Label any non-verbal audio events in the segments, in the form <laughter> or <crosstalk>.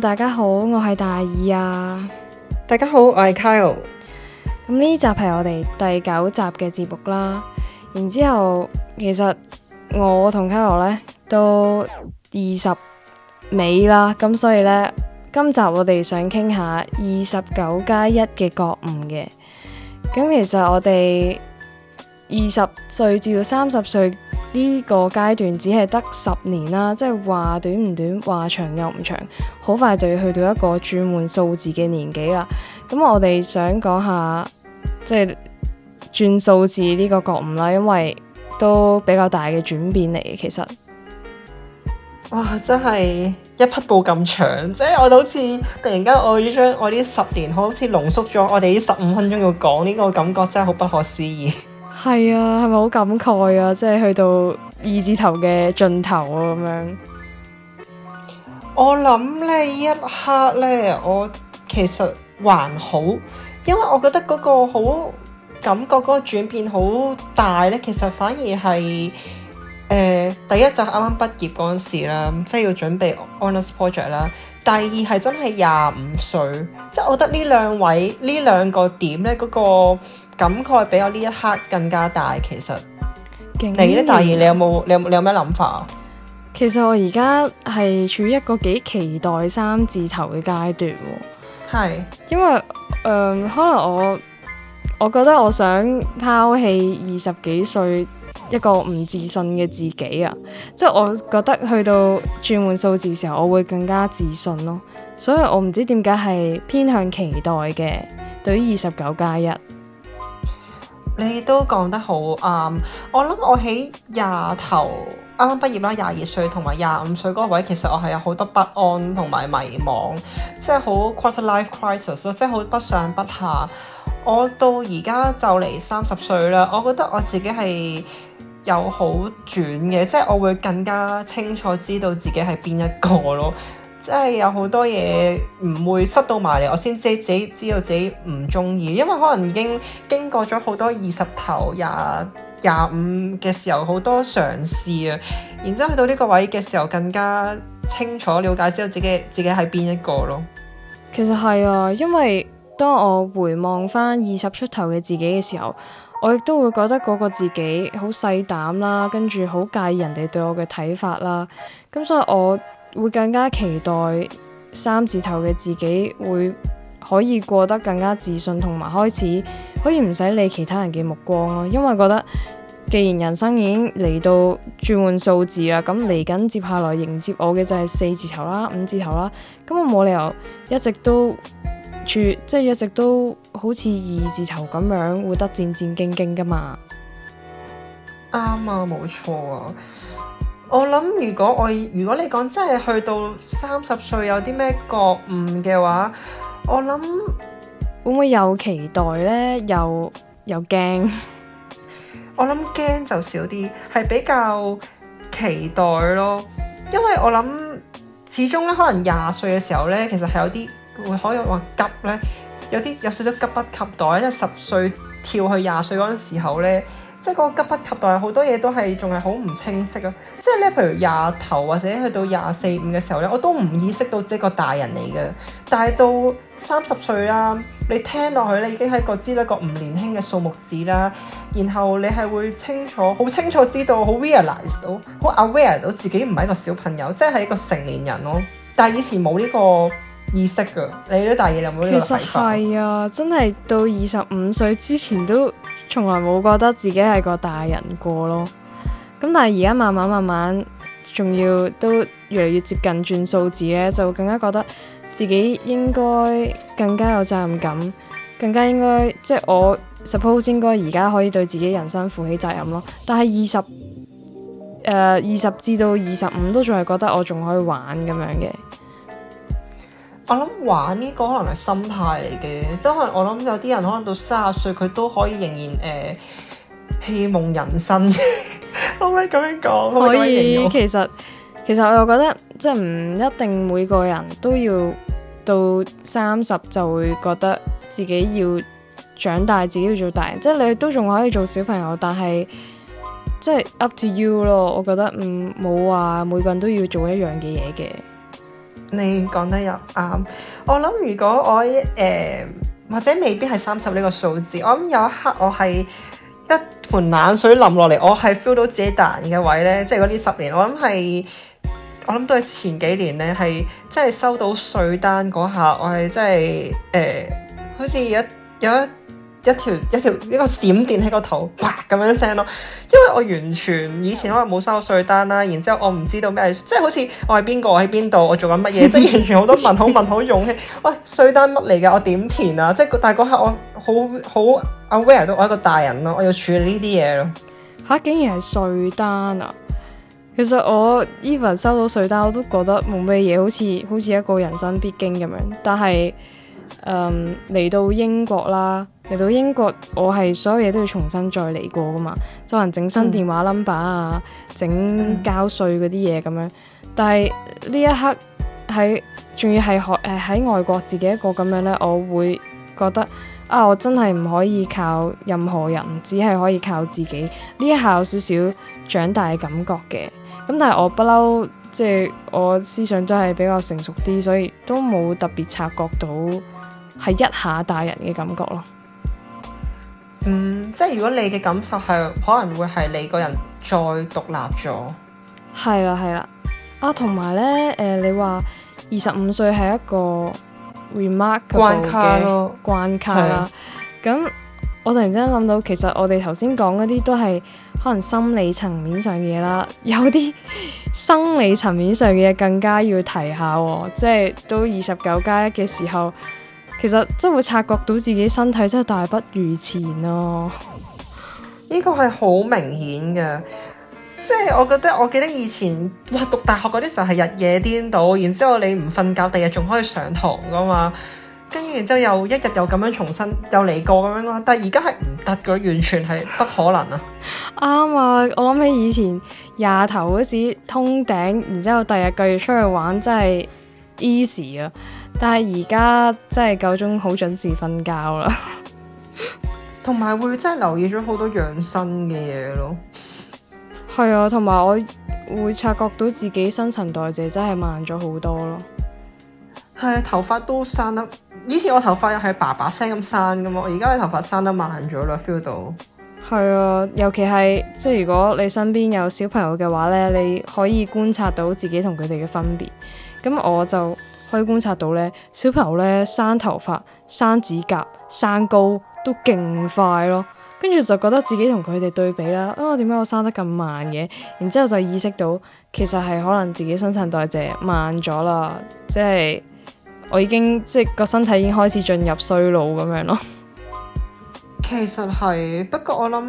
大家好，我係大二啊。大家好，我係 Kyle。咁呢集係我哋第九集嘅節目啦。然之後，其實我同 Kyle 呢都二十尾啦，咁所以呢，今集我哋想傾下二十九加一嘅覺悟嘅。咁其實我哋二十歲至到三十歲。呢個階段只係得十年啦，即係話短唔短，話長又唔長，好快就要去到一個轉換數字嘅年紀啦。咁我哋想講下，即係轉數字呢個覺悟啦，因為都比較大嘅轉變嚟嘅，其實。哇！真係一匹布咁長，即係我好似突然間我要將我啲十年好像濃縮了，好似濃縮咗我哋呢十五分鐘要講呢、這個感覺，真係好不可思議。係啊，係咪好感慨啊？即係去到二字頭嘅盡頭啊，咁樣。我諗呢一刻呢，我其實還好，因為我覺得嗰個好感覺，嗰個轉變好大呢。其實反而係誒、呃，第一就係啱啱畢業嗰陣時啦，即係要準備 honors project 啦。第二係真係廿五歲，即係我覺得呢兩位呢兩個點呢，嗰個感慨比我呢一刻更加大。其實，年你咧，第二你有冇你有你有咩諗法啊？其實我而家係處於一個幾期待三字頭嘅階段，係是因為誒、呃、可能我我覺得我想拋棄二十幾歲。一個唔自信嘅自己啊，即係我覺得去到轉換數字時候，我會更加自信咯。所以我唔知點解係偏向期待嘅，對於二十九加一，你都講得好啱。Um, 我諗我喺廿頭啱啱畢業啦，廿二歲同埋廿五歲嗰個位，其實我係有好多不安同埋迷惘，即係好 quarter life crisis，即係好不上不下。我到而家就嚟三十歲啦，我覺得我自己係有好轉嘅，即係我會更加清楚知道自己係邊一個咯。即係有好多嘢唔會塞到埋嚟，我先知自，自己知道自己唔中意，因為可能已經經過咗好多二十頭、廿廿五嘅時候，好多嘗試啊。然之後去到呢個位嘅時候，更加清楚了解知道自己自己係邊一個咯。其實係啊，因為。當我回望返二十出頭嘅自己嘅時候，我亦都會覺得嗰個自己好細膽啦，跟住好介意人哋對我嘅睇法啦。咁所以，我會更加期待三字頭嘅自己會可以過得更加自信，同埋開始可以唔使理其他人嘅目光咯。因為覺得既然人生已經嚟到轉換數字啦，咁嚟緊接下來迎接我嘅就係四字頭啦、五字頭啦。咁我冇理由一直都～即係一直都好似二字頭咁樣，會得戰戰兢兢噶嘛？啱啊，冇錯啊！我諗如果我，如果你講真係去到三十歲有啲咩？覺悟嘅話，我諗會唔會有期待呢？又又驚？ <laughs> 我諗驚就少啲，係比較期待咯。因為我諗始終咧，可能廿歲嘅時候呢，其實係有啲。會可以話急咧，有啲有少少急不及待，因為十歲跳去廿歲嗰陣時候咧，即係嗰急不及待，好多嘢都係仲係好唔清晰咯。即係咧，譬如廿頭或者去到廿四五嘅時候咧，我都唔意識到自己個大人嚟嘅。但係到三十歲啦，你聽落去咧，已經係一個知得個唔年輕嘅數目字啦。然後你係會清楚好清楚知道，好 realize 到好 aware 到自己唔係一個小朋友，即係一個成年人咯。但係以前冇呢個。意識㗎，你都大二女冇啲落體其實係啊，真係到二十五歲之前都從來冇覺得自己係個大人過咯。咁但係而家慢慢慢慢，仲要都越嚟越接近轉數字咧，就更加覺得自己應該更加有責任感，更加應該即係我 suppose 應該而家可以對自己人生負起責任咯。但係二十誒二十至到二十五都仲係覺得我仲可以玩咁樣嘅。我諗玩呢個可能係心態嚟嘅，即係我諗有啲人可能到三十歲佢都可以仍然誒，戲夢人生。可 <laughs> 唔 <laughs> 可以咁樣講？可以，我可以我其實其實我又覺得即係唔一定每個人都要到三十就會覺得自己要長大，自己要做大人。即係你都仲可以做小朋友，但係即係 up to you 咯。我覺得唔冇話每個人都要做一樣嘅嘢嘅。你講得又啱，我諗如果我誒、呃、或者未必係三十呢個數字，我諗有一刻我係一盆冷水淋落嚟，我係 feel 到自己彈嘅位呢。即係嗰啲十年，我諗係我諗都係前幾年呢，係即係收到稅單嗰下，我係真係誒、呃，好似有有一。有一一條一條一個閃電喺個頭，哇咁樣聲咯，因為我完全以前可能冇收過稅單啦，然之後我唔知道咩即係好似我係邊個，我喺邊度，我做緊乜嘢， <laughs> 即係完全好多問號問號用嘅。喂，稅單乜嚟㗎？我點填啊？即係但係嗰刻我好好 aware 到我係一個大人咯，我要處理呢啲嘢咯。吓、啊，竟然係稅單啊！其實我 even 收到稅單我都覺得冇咩嘢，好似好似一個人生必經咁樣，但係。嗯、嚟、um，到英國啦，嚟到英國我係所有嘢都要重新再嚟過噶嘛，就係整新電話 number 啊，整、嗯、交稅嗰啲嘢咁樣。但係呢一刻喺仲要係學誒喺外國自己一個咁樣呢，我會覺得啊，我真係唔可以靠任何人，只係可以靠自己。呢一下有少少長大嘅感覺嘅。咁但係我不嬲，即、就、係、是、我思想都係比較成熟啲，所以都冇特別察覺到。係一下大人嘅感覺咯，嗯，即係如果你嘅感受係可能會係你個人再獨立咗，係啦係啦啊，同埋咧誒，你話二十五歲係一個 remark 關，關卡咯，關卡啦，咁我突然之間諗到，其實我哋頭先講嗰啲都係可能心理層面上嘅嘢啦，有啲生理層面上嘅嘢更加要提下，即係到二十九加一嘅時候。其實真係會察覺到自己身體真係大不如前咯，啊，呢個係好明顯嘅。即係我覺得，我記得以前哇讀大學嗰啲時候係日夜顛倒，然之後你唔瞓覺，第日仲可以上堂噶嘛。跟住然之後又一日又咁樣重新又嚟過咁樣啦，但係而家係唔得㗎，完全係不可能啊。啱 <laughs> <laughs> 啊！我諗起以前廿頭嗰時通頂，然之後第二日繼續出去玩，真係 easy 啊！但係而家真係夠鐘好準時瞓覺啦，同 <laughs> 埋會真係留意咗好多養生嘅嘢咯。係啊，同埋我會察覺到自己新陳代謝真係慢咗好多咯。係啊，頭髮都生得，以前我頭髮又係爸爸聲咁生噶嘛，我而家嘅頭髮生得慢咗啦，feel 到。係啊，尤其係即係如果你身邊有小朋友嘅話咧，你可以觀察到自己同佢哋嘅分別。咁我就。可以觀察到咧，小朋友咧生頭髮、生指甲、生高都勁快咯，跟住就覺得自己同佢哋對比啦。啊，點解我生得咁慢嘅？然之後就意識到其實係可能自己新陳代謝慢咗啦，即係我已經即係個身體已經開始進入衰老咁樣咯。其實係，不過我諗，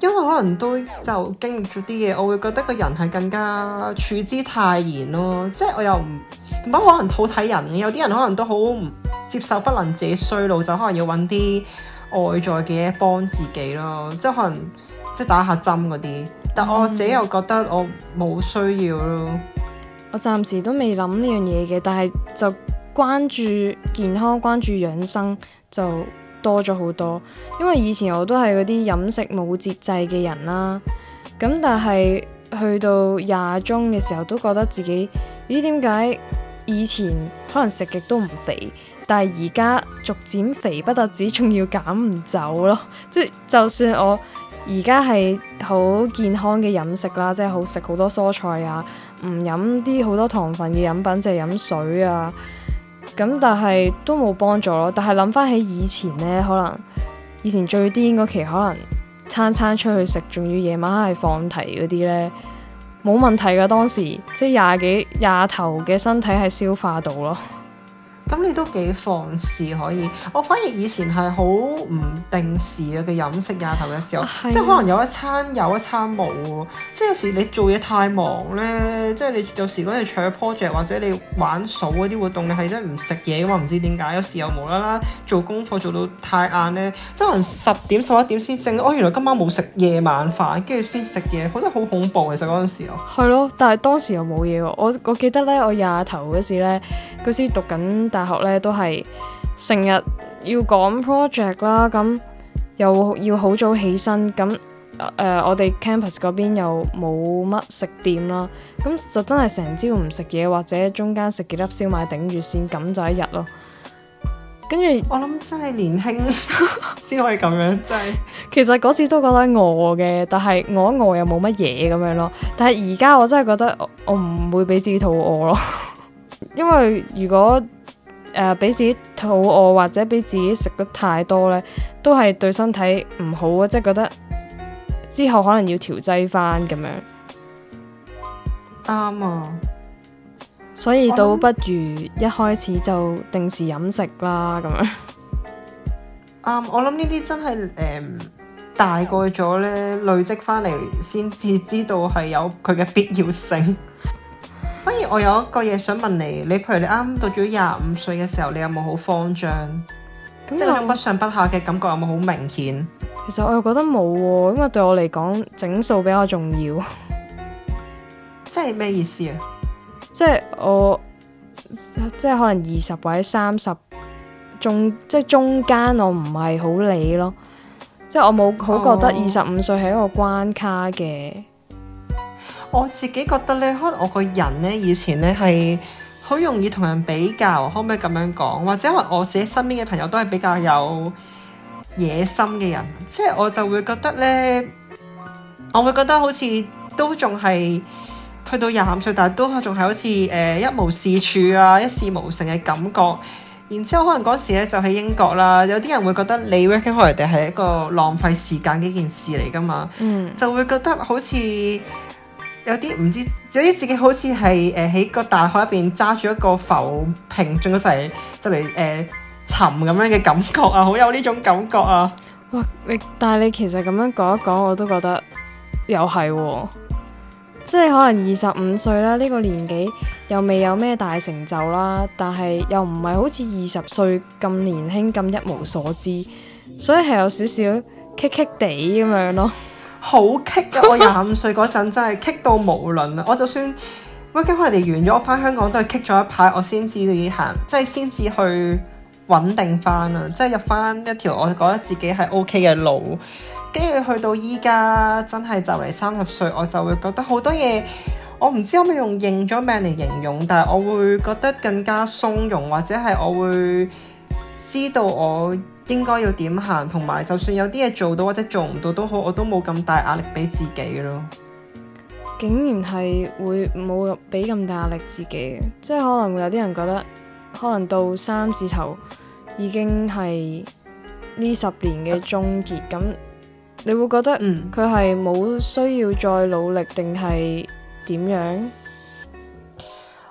因為可能都就經歷咗啲嘢，我會覺得個人係更加處之泰然咯，即係我又唔～不過可能好睇人，有啲人可能都好唔接受，不能自己衰老，就可能要揾啲外在嘅嘢幫自己咯，即係可能即係打下針嗰啲。但我自己又覺得我冇需要咯、嗯。我暫時都未諗呢樣嘢嘅，但係就關注健康、關注養生就多咗好多。因為以前我都係嗰啲飲食冇節制嘅人啦、啊，咁但係去到廿中嘅時候都覺得自己咦點解？以前可能食極都唔肥，但係而家逐漸肥不得止，仲要減唔走咯。即 <laughs> 係、即係、就算我而家係好健康嘅飲食啦，即、就、係、係、好食好多蔬菜啊，唔飲啲好多糖分嘅飲品，淨係飲水啊。咁但係都冇幫助咯。但係諗返起以前呢，可能以前最癲嗰期，可能餐餐出去食，仲要夜晚係放題嗰啲呢。冇問題㗎，當時即係廿幾廿頭嘅身體係消化到咯。咁你都幾放肆可以，我反而以前係好唔定時啊，佢飲食廿頭嘅時候，的即係可能有一餐有一餐冇，即係有時你做嘢太忙咧，即係你有時嗰陣做 project 或者你玩數嗰啲活動，你係真係唔食嘢噶嘛？唔知點解有時又無啦啦做功課做到太晏咧，即可能十點十一點先醒，哦，原來今晚冇食夜晚飯，跟住先食嘢，覺得好恐怖，其實嗰陣時我係咯，但係當時又冇嘢喎，我我記得咧我廿頭嗰時咧佢先讀緊大學咧都係成日要講 project 啦，咁又要好早起身，咁誒、呃，我哋 campus 嗰邊又冇乜食店啦，咁就真係成朝唔食嘢，或者中間食幾粒燒賣頂住先，咁就一日咯。跟住我諗真係年輕先可以咁樣， <laughs> 真係其實嗰次都覺得餓嘅，但係餓一餓又冇乜嘢咁樣咯。但係而家我真係覺得我唔會俾自己肚餓咯， <laughs> 因為如果誒，俾、呃、自己肚餓或者俾自己食得太多呢，都係對身體唔好啊！即係覺得之後可能要調劑翻咁樣。啱、嗯、啊！所以倒不如一開始就定時飲食啦，咁樣。啱、嗯，我諗呢啲真係誒、呃，大個咗呢，累積翻嚟先至知道係有佢嘅必要性。反而我有一個嘢，想問你，你譬如你啱啱到咗廿五歲嘅時候，你有冇好慌張？我即係嗰種不上不下嘅感覺有冇好明顯？其實我又覺得冇喎、啊，因為對我嚟講，整數比較重要。 <laughs> 即係咩意思啊？即係我即係可能二十或者三十中，即係中間我唔係好理咯。即係我冇好覺得二十五歲係一個關卡嘅。Oh. 我自己覺得咧，可能我個人咧以前咧係好容易同人比較，可唔可以咁樣講？或者因為我自己身邊嘅朋友都係比較有野心嘅人，即係我就會覺得咧，我會覺得好似都仲係去到廿五歲，但係都仲係好似誒、呃、一無是處啊，一事無成嘅感覺。然之後可能嗰時咧就喺英國啦，有啲人會覺得你 working holiday 係一個浪費時間嘅一件事嚟㗎嘛，嗯，就會覺得好似。有啲唔知，有啲自己好似係誒喺個大海入邊揸住一個浮萍，仲一陣就嚟誒沉咁樣嘅感覺啊，好有呢種感覺啊！哇，你但係你其實咁樣講一講，我都覺得又係、哦，即係可能二十五歲啦，呢、這個年紀又未有咩大成就啦，但係又唔係好似二十歲咁年輕咁一無所知，所以係有少少棘棘地咁樣咯。好棘啊！我廿五歲嗰陣真係棘到無論啊！我就算 working holiday 完咗，我翻香港都係棘咗一排，我先至行，即係先至去穩定翻啊！即係入翻一條我覺得自己係 OK 嘅路，跟住去到依家真係就嚟三十歲，我就會覺得好多嘢，我唔知可唔可以用認咗命嚟形容，但係我會覺得更加鬆容或者係我會，知道我應該要點行，同埋就算有啲嘢做到或者做唔到都好，我都冇咁大壓力俾自己咯。竟然係會冇俾咁大壓力自己嘅，即係可能會有啲人覺得，可能到三字頭已經係呢十年嘅終結，咁、啊、你會覺得嗯，佢係冇需要再努力定係點樣？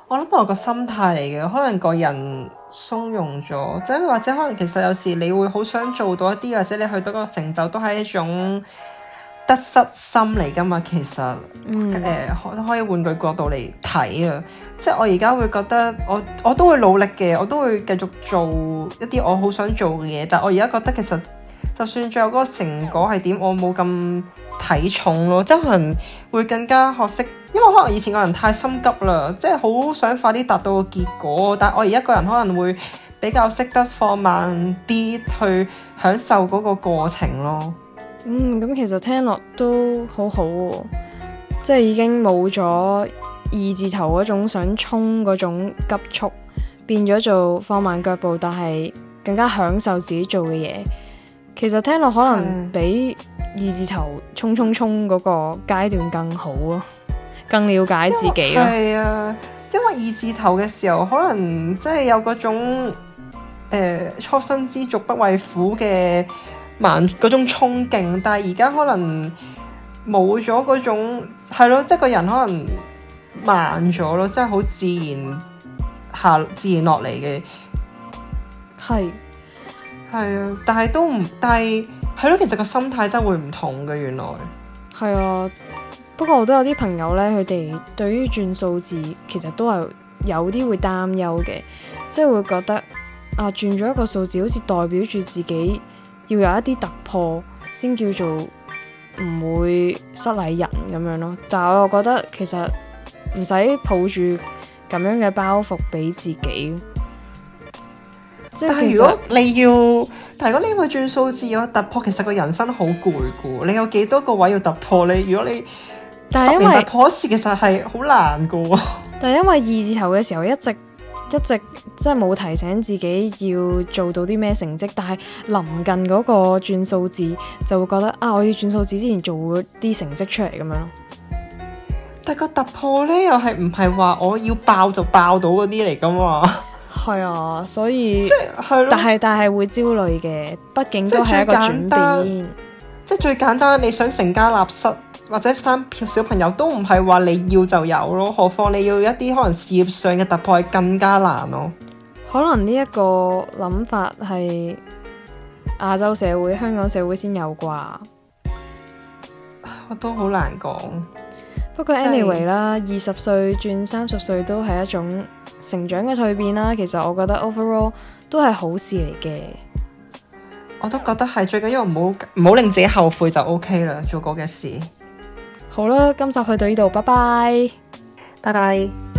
我諗我個心態嚟嘅，可能個人。鬆容咗，即或者可能其實有時你會好想做到一啲，或者你去到個成就都係一種得失心嚟㗎嘛。其實，誒可、嗯呃、可以換句角度嚟睇啊。即係我而家會覺得我，我我都會努力嘅，我都會繼續做一啲我好想做嘅嘢。但我而家覺得其實。就算最後嗰個成果係點，我冇咁睇重咯。即係可能會更加學識，因為可能以前個人太心急啦，即係好想快啲達到個結果。但我而家個人可能會比較識得放慢啲去享受嗰個過程咯。嗯，咁其實聽落都好好、啊、喎，即係已經冇咗二字頭嗰種想衝嗰種急促，變咗做放慢腳步，但係更加享受自己做嘅嘢。其實聽落可能比二字頭衝衝衝嗰個階段更好咯，更了解自己咯，係啊，因為二字頭嘅時候可能即係有嗰種誒、呃、初生之犢不畏虎嘅慢嗰種衝勁，但係而家可能冇咗嗰種係咯，即係、啊就是、個人可能慢咗咯，即係好自然下自然落嚟嘅係。係啊，但係都唔低，係係咯，其實個心態真係會唔同嘅原來。係啊，不過我都有啲朋友呢，佢哋對於轉數字其實都係有啲會擔憂嘅，即係會覺得啊，轉咗一個數字好似代表住自己要有一啲突破先叫做唔會失禮人咁樣咯。但係我又覺得其實唔使抱住咁樣嘅包袱俾自己。即但係如果你要，但如果你為轉數字而突破，其實個人生好攰噶。你有幾多個位要突破？你如果你，但係突破一次其實係好難噶。但係因為二字頭嘅時候一直一直即係冇提醒自己要做到啲咩成績，但係臨近嗰個轉數字就會覺得啊，我要轉數字之前做啲成績出嚟咁樣咯。但個突破呢，又係唔係話我要爆就爆到嗰啲嚟噶嘛？係 <noise> 啊，所以大大即係，但係但係會焦慮嘅，畢竟都係一個轉變。即係最簡單，就是最簡單你想成家立室或者生小朋友，都唔係話你要就有咯。何況你要一啲可能事業上嘅突破，係更加難咯 <noise> 。可能呢一個諗法係亞洲社會、香港社會先有啩言，我都難好難講。 <noise> 不過 anyway <noise> 啦，二十歲轉三十歲都係一種。成長嘅蛻變啦，其實我覺得 overall 都係好事嚟嘅。我都覺得係，最緊要唔好唔好令自己後悔就 OK 啦。做過嘅事，好啦，今集去到呢度，拜拜，拜拜。